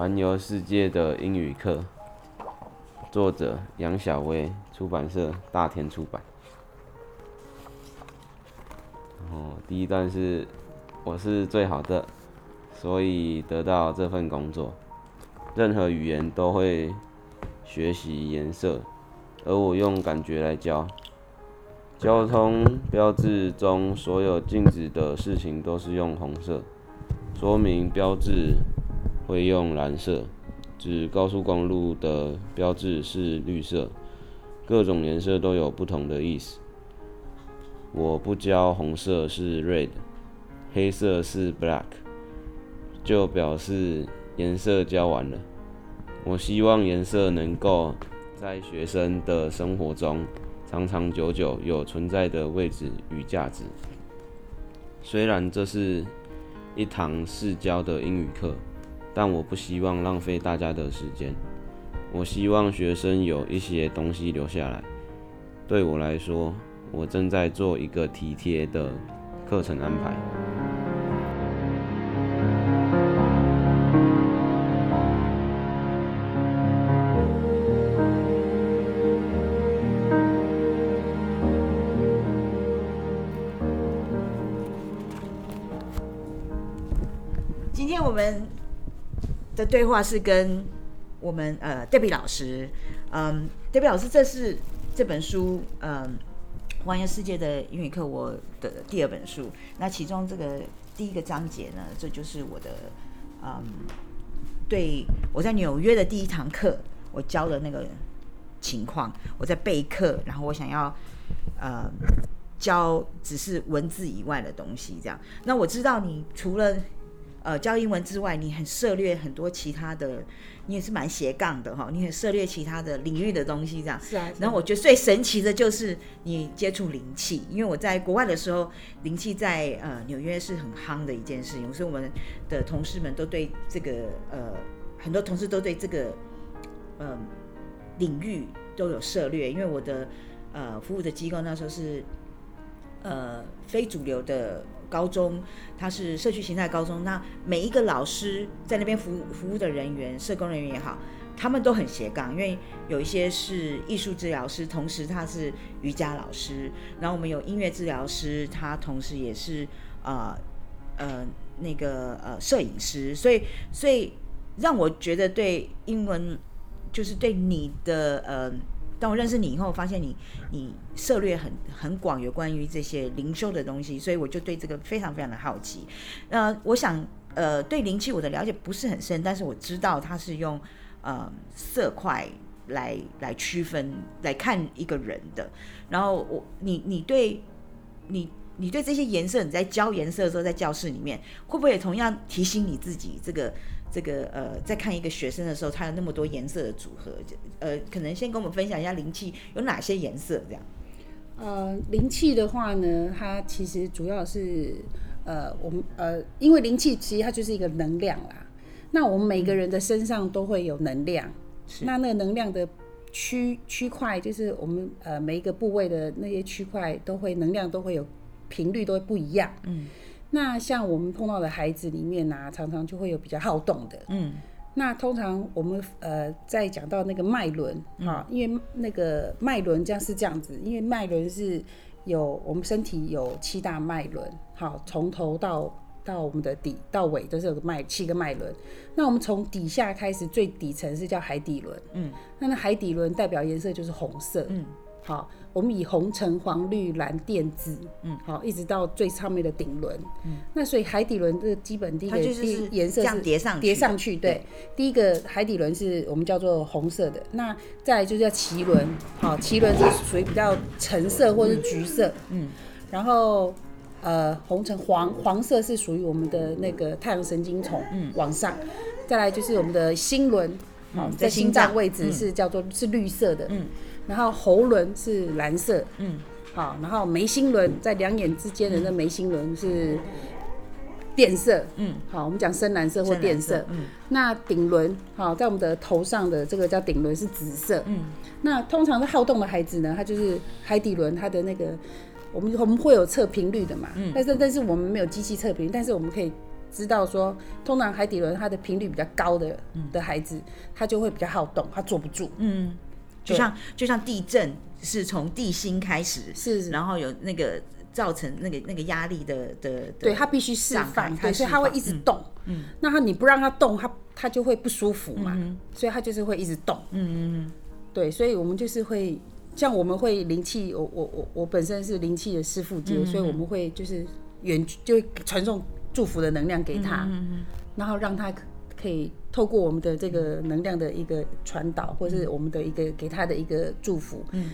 《環遊世界的英語課》，作者楊筱薇，出版社大田出版。哦，第一段是：“我是最好的，所以得到這份工作。任何語言都會學習顏色，而我用感覺來教。交通標誌中所有禁止的事情都是用紅色說明標誌。”會用藍色，指高速公路的標誌是綠色，各種顏色都有不同的意思。我不教紅色是 red，黑色是 black，就表示顏色教完了。我希望顏色能夠在學生的生活中長長久久有存在的位置與價值。雖然這是一堂試教的英語課。但我不希望浪費大家的時間，我希望學生有一些東西留下來。對我來說，我正在做一個體貼的課程安排。今天我們的對話是跟我們呃，Debi 老師，嗯，Debi 老師。這是這本書，嗯，《玩遊世界的英語課》，我的第二本書。那其中這個第一個章節呢，這就是我的，嗯，對，我在紐約的第一堂課，我教的那個情況。我在備課，然後我想要，呃，教，只是文字以外的東西。這樣，那我知道你除了。呃，教英文之外，你很涉獵很多其他的，你也是蠻斜槓的哈、哦，你很涉獵其他的領域的東西，這樣。是啊。是啊。然後我覺得最神奇的就是你接觸靈氣，因為我在國外的時候，靈氣在呃紐約是很夯的一件事情，所以我們的同事們都對這個呃很多同事都對這個嗯、呃、領域都有涉獵，因為我的呃服務的機構那時候是呃非主流的。高中，他是社區型態高中，那每一個老師在那邊服務服務的人員，社工人員也好，他們都很斜槓，因為有一些是藝術治療師，同時他是瑜伽老師，然後我們有音樂治療師，他同時也是啊呃，呃那個呃攝影師，所以所以讓我覺得對英文就是對你的呃。當我認識你以後，發現你你涉獵很很廣，有關於這些靈修的東西，所以我就對這個非常非常的好奇。那呃，我想呃對靈氣我的了解不是很深，但是我知道它是用呃色塊來來區分來看一個人的。然後我你你對你你對這些顏色，你在教顏色的時候，在教室裡面會不會也同樣提醒你自己這個？這個呃，在看一個學生的時候，他有那麼多顏色的組合，呃，可能先跟我們分享一下靈氣有哪些顏色，這樣。呃，靈氣的話呢，它其實主要是呃，我們呃，因為靈氣其實它就是一個能量啦。那我們每個人的身上都會有能量，是。那那個能量的區區塊，就是我們呃每一個部位的那些區塊，都會能量都會有頻率都會不一樣，嗯。那像我們碰到的孩子裡面啊，常常就會有比較好動的。嗯，那通常我們呃在講到那個脈輪，哈、嗯，因為那個脈輪這樣是這樣子，因為脈輪是有我們身體有七大脈輪，好，從頭到到我們的底到尾都是有個脈七個脈輪。那我們從底下開始，最底層是叫海底輪，嗯，那那海底輪代表顏色就是紅色，嗯，好。我們以紅、橙、黃、綠、藍靛、紫，嗯，好、喔，一直到最上面的頂輪，嗯，那所以海底輪這基本第一個顏色是疊上疊上去，對，嗯、第一個海底輪是我們叫做紅色的，那再來就是叫臍輪，好、喔，臍輪是屬於比較橙色、或是橘色，嗯，嗯嗯嗯嗯，然後呃紅橙黃黃色是屬於我們的那個太陽神經叢，嗯嗯、往上，再來就是我們的心輪，好、嗯，在、嗯、心臟位置是叫做是綠色的，嗯。嗯嗯然後喉輪是藍色，嗯，好，然後眉心輪在兩眼之間的那眉心輪是靛色，嗯，好，我們講深藍色或靛色，嗯，那頂輪，好，在我們的頭上的這個叫頂輪是紫色。嗯，那通常是好動的孩子呢，他就是海底輪，他的那個我們我們會有測頻率的嘛，嗯，但是但是我們沒有機器測頻率，但是我們可以知道說，通常海底輪它的頻率比較高的、嗯、的孩子，他就會比較好動，他坐不住，嗯。就像就像地震是從地心開始，是然後有那個造成那個那個壓力的的，對他必須釋放，對所以他會一直動。嗯，那他你不讓他動，他他就會不舒服嘛，所以他就是會一直動。嗯對，所以我們就是會像我們會靈氣，我我我我本身是靈氣的師傅就，所以我們會就是遠就傳送祝福的能量給他，然後讓他。可以透過我們的這個能量的一個傳導，嗯、或者是我們的一個給他的一個祝福，嗯，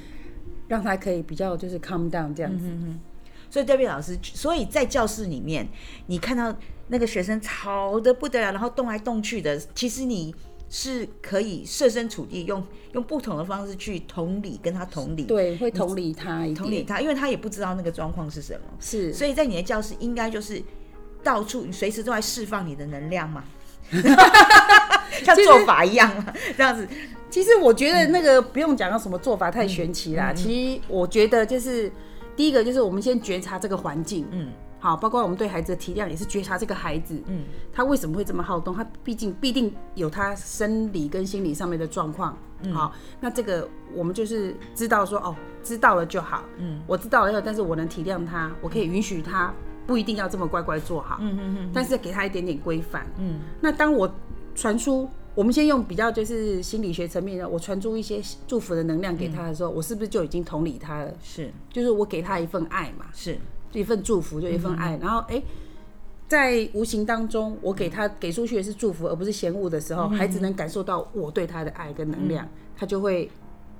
讓他可以比較就是 calm down 這樣子。嗯、哼哼所以 Debi 老師，所以在教室裡面，你看到那個學生吵得不得了，然後動來動去的，其實你是可以設身處地，用用不同的方式去同理跟他同理，對，會同理他同理他，因為他也不知道那個狀況是什麼，是。所以在你的教室，應該就是到處你隨時都在釋放你的能量嘛。 像做法一樣，這樣子。其實我覺得那個不用講到什麼做法太玄奇啦。嗯嗯嗯、其實我覺得就是第一個就是我們先覺察這個環境，嗯，好，包括我們對孩子的體諒也是覺察這個孩子，嗯，他為什麼會這麼好動？他畢竟必定有他生理跟心理上面的狀況，好，嗯、那這個我們就是知道說，哦，知道了就好，嗯，我知道了以後，但是我能體諒他，我可以允許他。嗯不一定要這麼乖乖做好，嗯嗯嗯，但是給他一點點規範，嗯。那當我傳出，我們先用比較就是心理學層面的，我傳出一些祝福的能量給他的時候，嗯、我是不是就已經同理他了？是，就是我給他一份愛嘛，是，就一份祝福就一份愛。嗯、哼哼然後誒、欸，在無形當中，我給他給出去的是祝福，而不是嫌惡的時候，孩子、嗯、能感受到我對他的愛跟能量，嗯、哼哼他就會。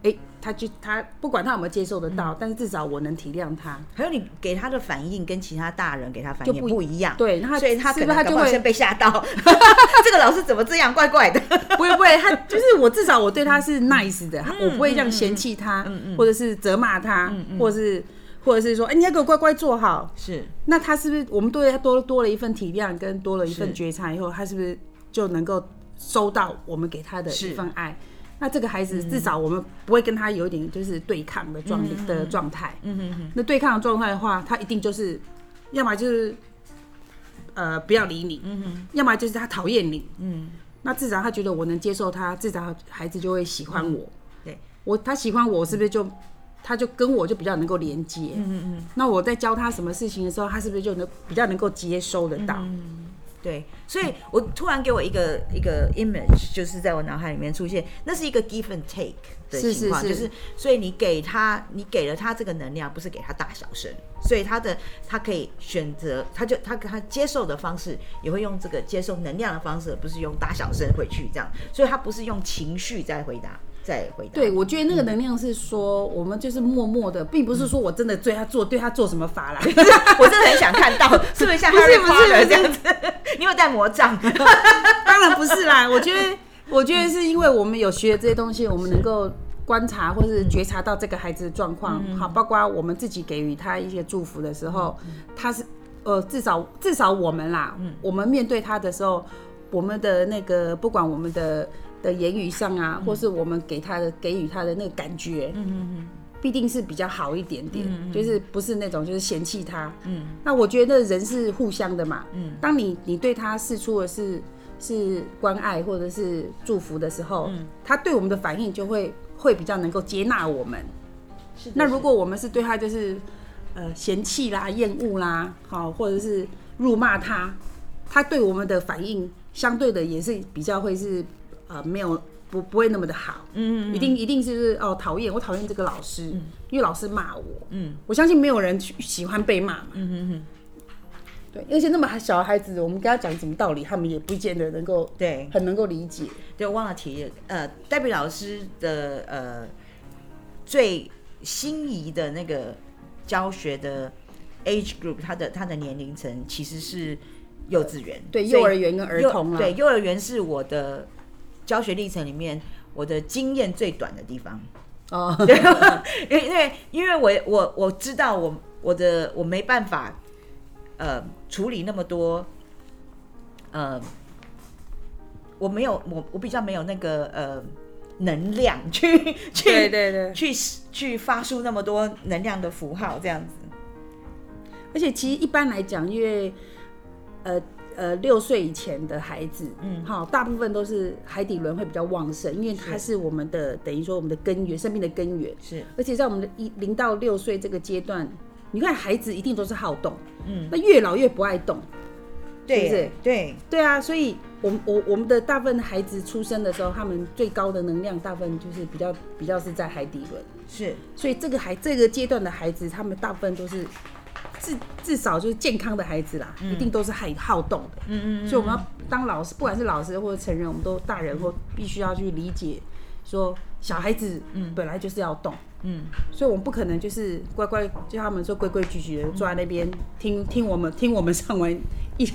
哎，他就他不管他有沒有接受得到，但是至少我能體諒他。還有你給他的反應跟其他大人給他反應就不一樣，對，所以他是不是他就會先被嚇到？這個老師怎麼這樣，怪怪的？不會不會，他就是我至少我對他是 nice 的，我不會這樣嫌棄他，或者是責罵他，或者是或者是說，哎，你要給我乖乖坐好。是，那他是不是我們對他多多了一份體諒，跟多了一份覺察以後，他是不是就能夠收到我們給他的一份愛？那這個孩子，至少我們不會跟他有一點就是對抗的狀的狀態。嗯嗯，那對抗的狀態的話，他一定就是，要麼就是，呃，不要理你。嗯、哼要麼就是他討厭你。嗯哼。那至少他覺得我能接受他，至少孩子就會喜歡我。對。我他喜歡我，是不是就，嗯、哼他就跟我就比較能夠連接？嗯嗯，那我在教他什麼事情的時候，他是不是就能比較能夠接收得到？嗯對，所以我突然給我一個一個 image，就是在我腦海裡面出現，那是一個 give and take 的情況，是是是就是，所以你給他，你給了他這個能量，不是給他大小聲，所以他的他可以選擇，他就他他接受的方式，也會用這個接受能量的方式，而不是用大小聲回去這樣，所以他不是用情緒在回答。再回答，對我覺得那個能量是說，嗯、我們就是默默的，並不是說我真的對他做，對他做什麼法啦。 我真的很想看到，是不是像他利波特這樣子？ 你有帶魔杖？ 當然不是啦。我覺得，我覺得是因為我們有學這些東西，我們能夠觀察或是覺察到這個孩子的狀況，好，包括我們自己給予他一些祝福的時候，他是呃，至少至少我們啦，我們面對他的時候，我們的那個不管我們的。的言語上啊，嗯、或是我們給他的給予他的那個感覺，嗯嗯嗯，嗯嗯必定是比較好一點點，嗯嗯、就是不是那種就是嫌棄他，嗯，那我覺得人是互相的嘛，嗯，當你你對他釋出的是是關愛或者是祝福的時候，嗯、他對我們的反應就會會比較能夠接納我們，是的。那如果我們是對他就是呃嫌棄啦、厭惡啦，好、哦，或者是辱罵他，他對我們的反應相對的也是比較會是。呃，沒有不不會那麼的好，嗯，嗯，嗯一定一定是哦，討厭，我討厭這個老師。嗯、因為老師罵我，嗯，我相信沒有人去喜歡被罵嘛，嗯嗯嗯，對，而且那麼小的孩子，我們跟他講什麼道理，他們也不見得能夠對，很能夠理解。對，忘了提，呃，Debi 老師的呃，最心儀的那個教學的 age group，他的他的年齡層其實是幼稚園、呃，對幼兒園跟兒童、啊，對幼兒園是我的。教學歷程裡面，我的經驗最短的地方。哦、oh, right, right, right. 因為因為我我我知道我我的我沒辦法，呃，處理那麼多，呃，我沒有我我比較沒有那個呃能量去去對對對去去發出那麼多能量的符號這樣子。而且其實一般來講，因為呃。呃，六歲以前的孩子，嗯，好，大部分都是海底輪會比較旺盛，因為它是我們的是等於說我們的根源，生命的根源是。而且在我們的一零到六歲這個階段，你看孩子一定都是好動，嗯，那越老越不愛動，是不是？對對啊，所以我，我們我我們的大部分孩子出生的時候，他們最高的能量大部分就是比較比較是在海底輪，是。所以這個孩這個階段的孩子，他們大部分都是。至至少就是健康的孩子啦，嗯、一定都是很好動的。嗯嗯，所以我們要當老師，不管是老師或者成人，我們都大人或必須要去理解，說小孩子本來就是要動。嗯，嗯所以我們不可能就是乖乖，叫他們說規規矩矩的坐在那邊聽聽我們聽我們上文。一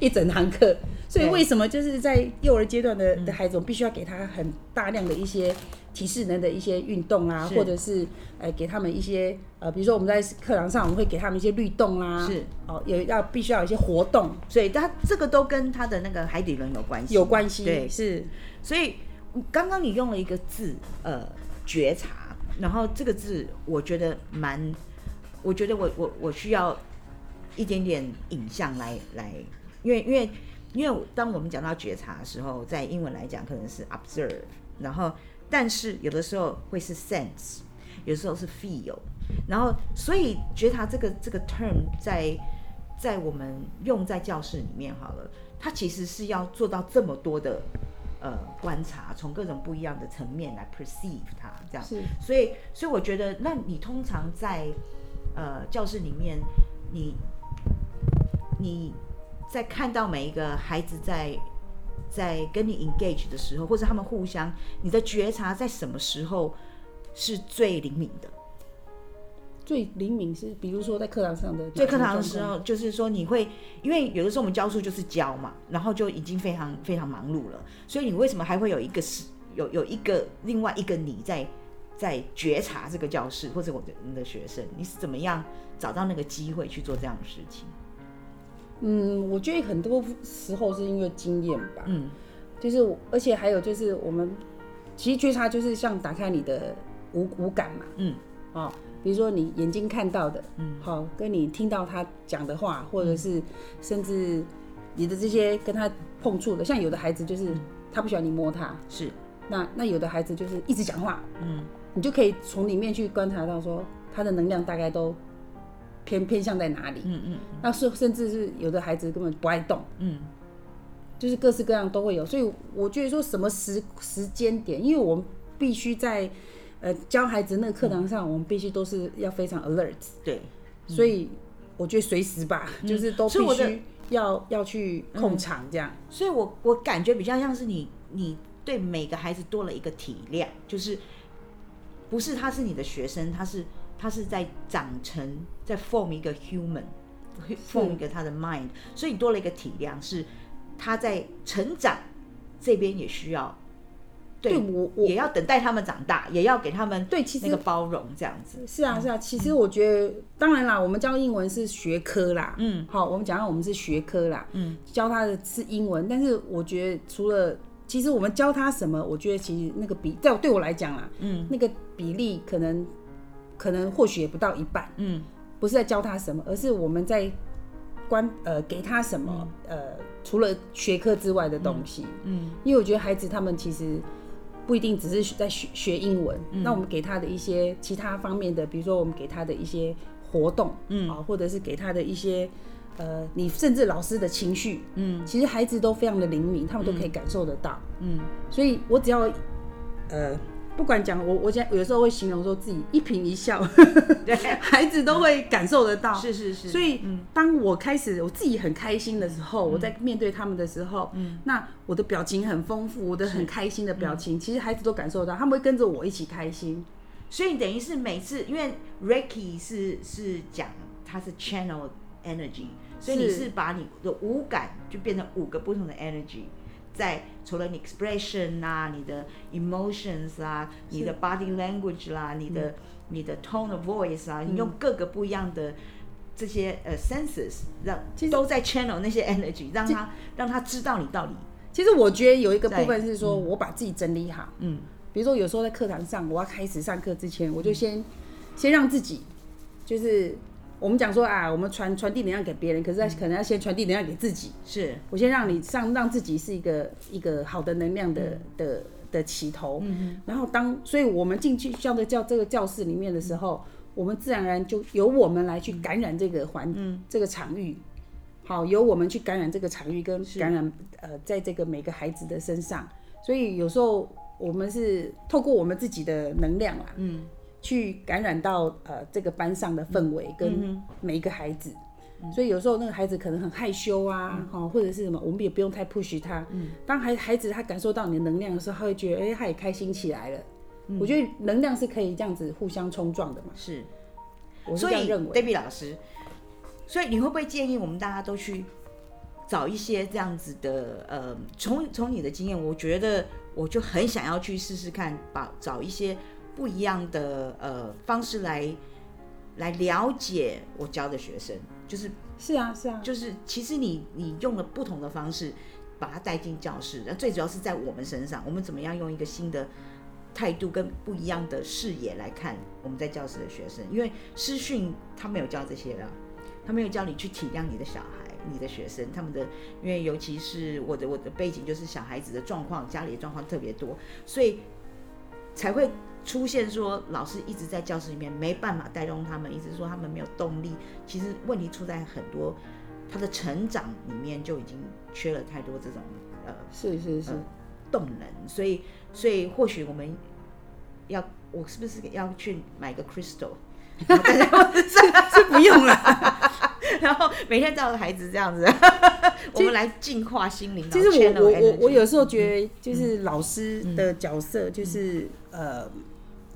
一整堂課，所以為什麼就是在幼兒階段的的孩子，我們必須要給他很大量的一些提示能的一些運動啊，是或者是呃給他們一些呃，比如說我們在課堂上我們會給他們一些律動啊，是哦，也要必須要有一些活動，所以他這個都跟他的那個海底輪有關係，有關係，對，是，所以剛剛你用了一個字呃覺察，然後這個字我覺得蠻，我覺得我我我需要。一點點影像，來來，因為因為因為，當我們講到覺察的時候，在英文來講可能是 observe，然後但是有的時候會是 sense，有的時候是 feel，然後所以覺察這個這個 term 在在我們用在教室裡面好了，它其實是要做到這麼多的呃觀察，從各種不一樣的層面來 perceive 它這樣，是所以所以我覺得，那你通常在呃教室裡面你。你在看到每一個孩子在在跟你 engage 的時候，或者他們互相，你的覺察在什麼時候是最靈敏的？最靈敏是，比如說在課堂上的。最課堂的時候，就是說你會，因為有的時候我們教書就是教嘛，然後就已經非常非常忙碌了，所以你為什麼還會有一個是有有一個另外一個你在，在在覺察這個教室或者我們的學生，你是怎麼樣找到那個機會去做這樣的事情？嗯，我覺得很多時候是因為經驗吧。嗯，就是，而且還有就是，我們其實覺察就是像打開你的五五感嘛。嗯。哦，比如說你眼睛看到的，嗯，好、哦，跟你聽到他講的話，嗯、或者是甚至你的這些跟他碰觸的，嗯、像有的孩子就是他不喜歡你摸他，是。那那有的孩子就是一直講話，嗯，你就可以從裡面去觀察到說他的能量大概都。偏偏向在哪裡？嗯嗯，嗯那是甚至是有的孩子根本不愛動，嗯，就是各式各樣都會有。所以我覺得說什麼時時間點，因為我們必須在呃教孩子那個課堂上，嗯、我們必須都是要非常 alert。對，嗯、所以我覺得隨時吧，就是都必須要、嗯、要去控場這樣。嗯、所以我我感覺比較像是你，你對每個孩子多了一個體諒，就是不是他是你的學生，他是。他是在長成，在 form 一個 human，form 一個他的 mind，是所以你多了一個體諒，是他在成長這邊也需要。對，對我，也要等待他們長大，我也要給他們對，那個包容這樣子。對嗯、是啊，是啊，其實我覺得，當然啦，我們教英文是學科啦，嗯，好，我們講到我們是學科啦，嗯，教他的是英文，但是我覺得除了，其實我們教他什麼，我覺得其實那個比在對我來講啦，嗯，那個比例可能。可能或許也不到一半，嗯，不是在教他什麼，而是我們在關，關呃給他什麼，嗯、呃除了學科之外的東西，嗯，嗯因為我覺得孩子他們其實不一定只是在學學英文，嗯、那我們給他的一些其他方面的，比如說我們給他的一些活動，嗯啊，或者是給他的一些，呃，你甚至老師的情緒，嗯，其實孩子都非常的靈敏，他們都可以感受得到，嗯，所以我只要，呃。不管講我，我現在有時候會形容說自己一顰一笑，對 孩子都會感受得到。是是是。所以當我開始我自己很開心的時候，是我在面對他們的時候，嗯，那我的表情很豐富，我的很開心的表情，是其實孩子都感受到，他們會跟着我一起開心。所以等於是每次，因為 Reiki 是是講它是 channel energy，是所以你是把你的五感就變成五個不同的 energy。在除了你 expression 啊，你的 emotions 啊，是你的 body language 啦、啊，你的、嗯、你的 tone of voice 啊，嗯、你用各個不一樣的這些呃、uh, senses，讓實都在 channel 那些 energy，、嗯、讓他這讓他知道你到底。其實我覺得有一個部分是說，我把自己整理好。嗯，比如說有時候在課堂上，我要開始上課之前，我就先、嗯、先讓自己就是。我們講說啊，我們傳傳遞能量給別人，可是他可能要先傳遞能量給自己。是，我先讓你上，讓自己是一個一個好的能量的、嗯、的的起頭。嗯、哼然後當，所以我們進去教的教這個教室裡面的時候，嗯、我們自然而然就由我們來去感染這個環，嗯、這個場域。好，由我們去感染這個場域，跟感染是呃，在這個每個孩子的身上。所以有時候我們是透過我們自己的能量啊。嗯。去感染到呃這個班上的氛圍跟每一個孩子，嗯、哼所以有時候那個孩子可能很害羞啊，嗯、或者是什麼，我們也不用太 push 他。嗯、當孩孩子他感受到你的能量的時候，他會覺得哎他也開心起來了。嗯、我覺得能量是可以這樣子互相衝撞的嘛。是，我是這樣認為。Debi 老師，所以你會不會建議我們大家都去找一些這樣子的呃，從從你的經驗，我覺得我就很想要去試試看，把找一些。不一樣的呃方式來來了解我教的學生，就是是啊是啊，是啊就是其實你你用了不同的方式，把它帶進教室，那最主要是在我們身上，我們怎麼樣用一個新的態度跟不一樣的視野來看我們在教室的學生？因為師訓他沒有教這些了，他沒有教你去體諒你的小孩、你的學生他們的，因為尤其是我的我的背景就是小孩子的狀況、家裡的狀況特別多，所以才會。出現說老師一直在教室裡面沒辦法帶動他們，一直說他們沒有動力。其實問題出在很多，他的成長裡面就已經缺了太多這種呃是是是、呃、動能，所以所以或許我們要我是不是要去買個 crystal？大家我 是不用了， 然後每天照着孩子這樣子，實我們來淨化心靈。其實我我我我有時候覺得就是老師的角色就是、嗯嗯嗯、呃。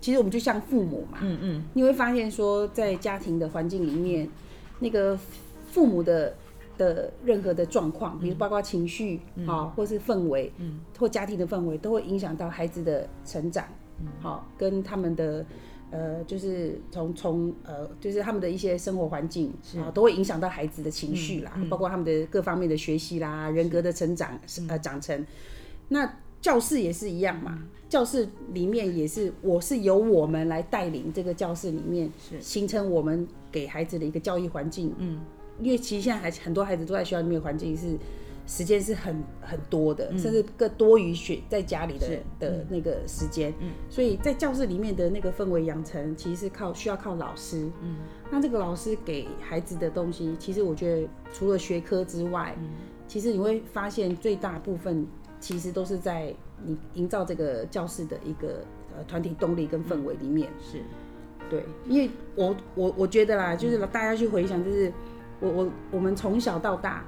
其實我們就像父母嘛，嗯嗯、你會發現說，在家庭的環境裡面，那個父母的的任何的狀況，嗯、比如包括情緒啊、嗯喔，或是氛圍，嗯、或家庭的氛圍，都會影響到孩子的成長，好、嗯喔，跟他們的呃，就是從從呃，就是他們的一些生活環境啊是、喔，都會影響到孩子的情緒啦，嗯嗯、包括他們的各方面的學習啦，人格的成長是呃長成，嗯、那。教室也是一樣嘛，嗯、教室裡面也是，我是由我們來帶領這個教室裡面，是形成我們給孩子的一個教育環境。嗯，因為其實現在孩子很多孩子都在學校裡面，環境是、嗯、時間是很很多的，嗯、甚至更多於學在家裡的是的那個時間。嗯，所以在教室裡面的那個氛圍養成，其實是靠需要靠老師。嗯，那這個老師給孩子的東西，其實我覺得除了學科之外，嗯、其實你會發現最大部分。其實都是在你營造這個教室的一個團體動力跟氛圍裡面，是對，因為我我我覺得啦，就是大家去回想，就是我我我們從小到大，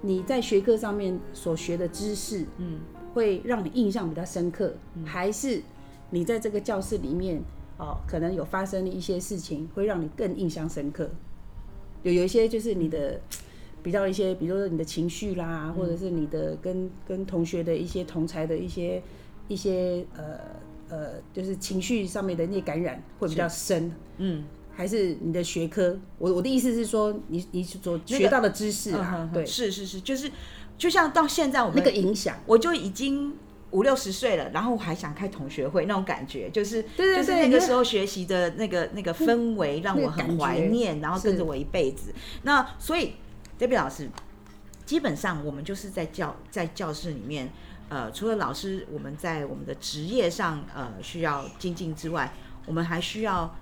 你在學科上面所學的知識，嗯，會讓你印象比較深刻，還是你在這個教室裡面哦，可能有發生的一些事情會讓你更印象深刻，有有一些就是你的。比較一些，比如說你的情緒啦，或者是你的跟跟同學的一些同才的一些一些呃呃，就是情緒上面的那些感染會比較深，嗯，還是你的學科？我我的意思是說你，你你所學到的知識啊，那個、對，是是是，就是就像到現在我們那個影響，我就已經五六十歲了，然後我還想開同學會，那種感覺就是，對對對，就是那個時候學習的那個那，那個氛圍讓我很懷念，然後跟着我一輩子。是那所以。Debi 老師，基本上我們就是在教在教室裡面，呃，除了老師，我們在我們的職業上呃需要精進之外，我們還需要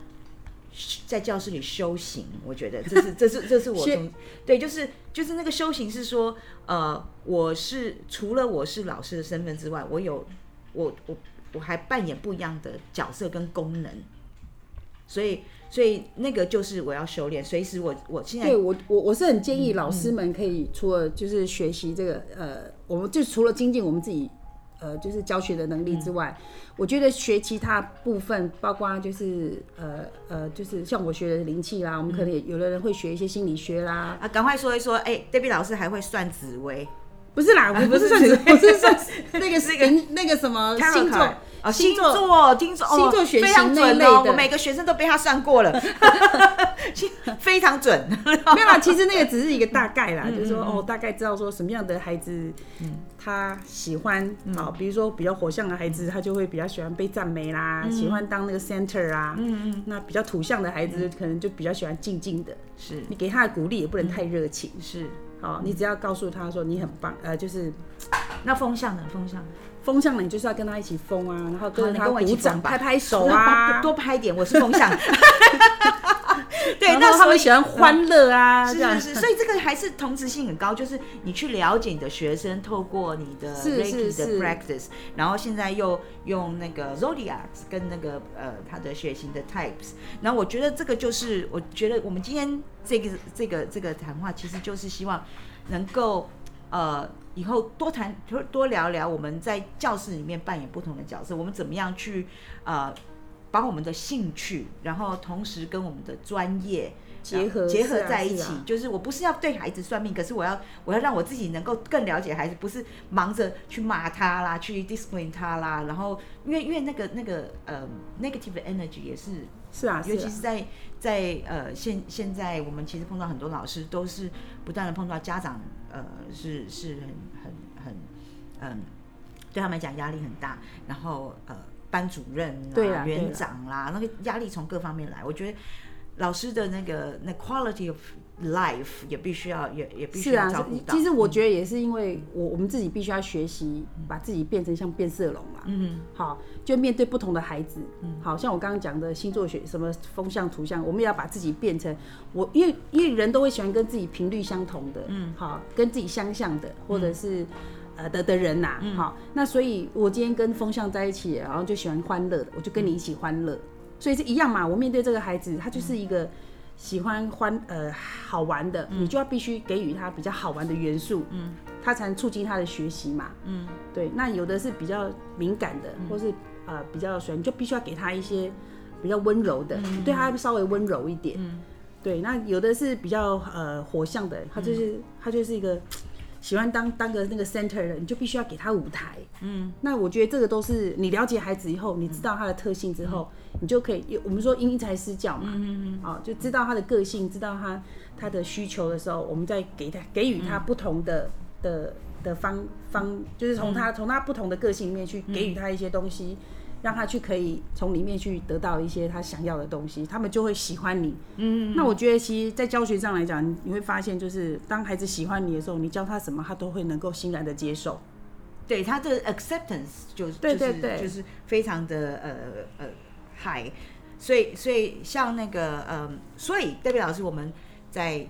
在教室裡修行。我覺得這是這是這是我 是對，就是就是那個修行是說，呃，我是除了我是老師的身份之外，我有我我我還扮演不一樣的角色跟功能，所以。所以那個就是我要修煉，隨時我我現在對我我我是很建議老師們可以除了就是學習這個、嗯嗯、呃，我們就除了精進我們自己呃就是教學的能力之外，嗯、我覺得學其他部分，包括就是呃呃就是像我學的靈氣啦，嗯、我們可能也有的人會學一些心理學啦啊，趕快說一說，哎、欸、Debi 老師還會算紫微，不是啦，我、啊、不是算紫微，我是算那個是 行那個什麼星座。 啊，星座，星座，星座學習那類的，我每個學生都被他算過了，非常準。沒有啦，其實那個只是一個大概啦，就是說哦，大概知道說什麼樣的孩子，他喜歡啊，比如說比較火象的孩子，他就會比較喜歡被讚美啦，喜歡當那個 center 啊。嗯嗯。那比較土象的孩子，可能就比較喜歡靜靜的。是，你給他的鼓勵也不能太熱情。是，好，你只要告訴他說你很棒，呃，就是。那風象呢？風象。風向了，你就是要跟他一起瘋啊，然後跟他鼓掌太太、啊、拍拍手啊，多拍一點。我是風向， 對。後那他們喜歡歡樂啊，是啊，是。樣所以這個還是同質性很高，就是你去了解你的學生，透過你的，的 ice, 是是的 practice，然後現在又用那個 Zodiac 跟那個呃他的血型的 types，然後我覺得這個就是，我覺得我們今天這個這個這個談話其實就是希望能夠。呃，以後多談多多聊聊，我們在教室裡面扮演不同的角色，我們怎麼樣去呃把我們的興趣，然後同時跟我們的專業結合然後、啊、結合在一起。是啊是啊、就是我不是要對孩子算命，可是我要我要讓我自己能夠更了解孩子，不是忙着去罵他啦，去 discipline 他啦，然後因為因為那個那個呃 negative energy 也是是啊，尤其是在。是啊是啊在呃，現現在我們其實碰到很多老師，都是不斷的碰到家長，呃，是是很很很，嗯，對他們來講壓力很大，然後呃，班主任、呃、園長啦，對啊對啊、那個壓力從各方面來，我覺得。老師的那個那 quality of life 也必須要也也必須要照顧到，是啊，其實我覺得也是因為我我們自己必須要學習，把自己變成像變色龍嘛。嗯，好，就面對不同的孩子，好像我剛剛講的星座學什麼風象圖像，我們也要把自己變成我，因為因為人都會喜歡跟自己頻率相同的，嗯，好，跟自己相像的，或者是，嗯，呃的的人吶，啊，嗯，好，那所以我今天跟風象在一起，然後就喜歡歡樂的，我就跟你一起歡樂。嗯所以是一樣嘛，我面對這個孩子，他就是一個喜歡歡呃好玩的，嗯、你就要必須給予他比較好玩的元素，嗯，他才能促進他的學習嘛，嗯，對。那有的是比較敏感的，嗯、或是呃比較誰，你就必須要給他一些比較溫柔的，嗯、對他稍微溫柔一點，嗯，對。那有的是比較呃火象的，他就是、嗯、他就是一個。喜歡當當個那個 center 的，你就必須要給他舞台。嗯，那我覺得這個都是你了解孩子以後，你知道他的特性之後，嗯、你就可以，我們說因材施教嘛。嗯嗯哦、啊，就知道他的個性，知道他他的需求的時候，我們再給他給予他不同的、嗯、的的方方，就是從他從、嗯、他不同的個性裡面去給予他一些東西。嗯嗯讓他去，可以從裡面去得到一些他想要的東西，他們就會喜歡你。嗯，嗯，嗯，那我覺得，其實，在教學上來講，你會發現，就是當孩子喜歡你的時候，你教他什麼，他都會能夠欣然的接受。對，他的 acceptance 就是，對對對，就是非常的呃呃嗨。所以，所以像那個，呃，所以 Debi 老師，我們在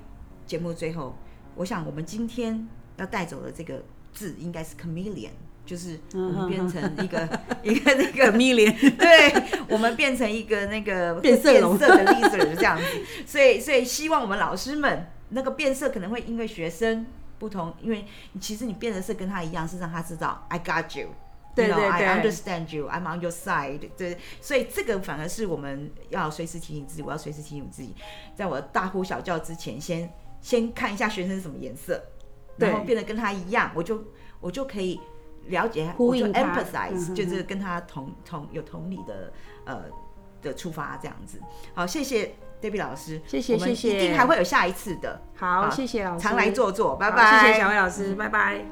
節目最後，我想，我們今天要帶走的這個字，應該是 chameleon。就是我們變成一個 一個那個 A m million . i 對我們變成一個那個變色龍的 leader 這樣子，所以所以希望我們老師們那個變色可能會因為學生不同，因為其實你變的是跟他一樣，是讓他知道 I got you，, you know, 對對對，I understand you，I'm on your side，對,對，所以這個反而是我們要隨時提醒自己，我要隨時提醒自己，在我大呼小叫之前先，先先看一下學生是什麼顏色，對然後變得跟他一樣，我就我就可以。了解，呼，emphasize，、嗯、就是跟他同同有同理的，呃的出發這樣子。好，謝謝 Debi 老師，謝謝，我們 謝謝，一定還會有下一次的。好，啊、謝謝老師，常來坐坐，好拜拜。謝謝筱薇老師，嗯、拜拜。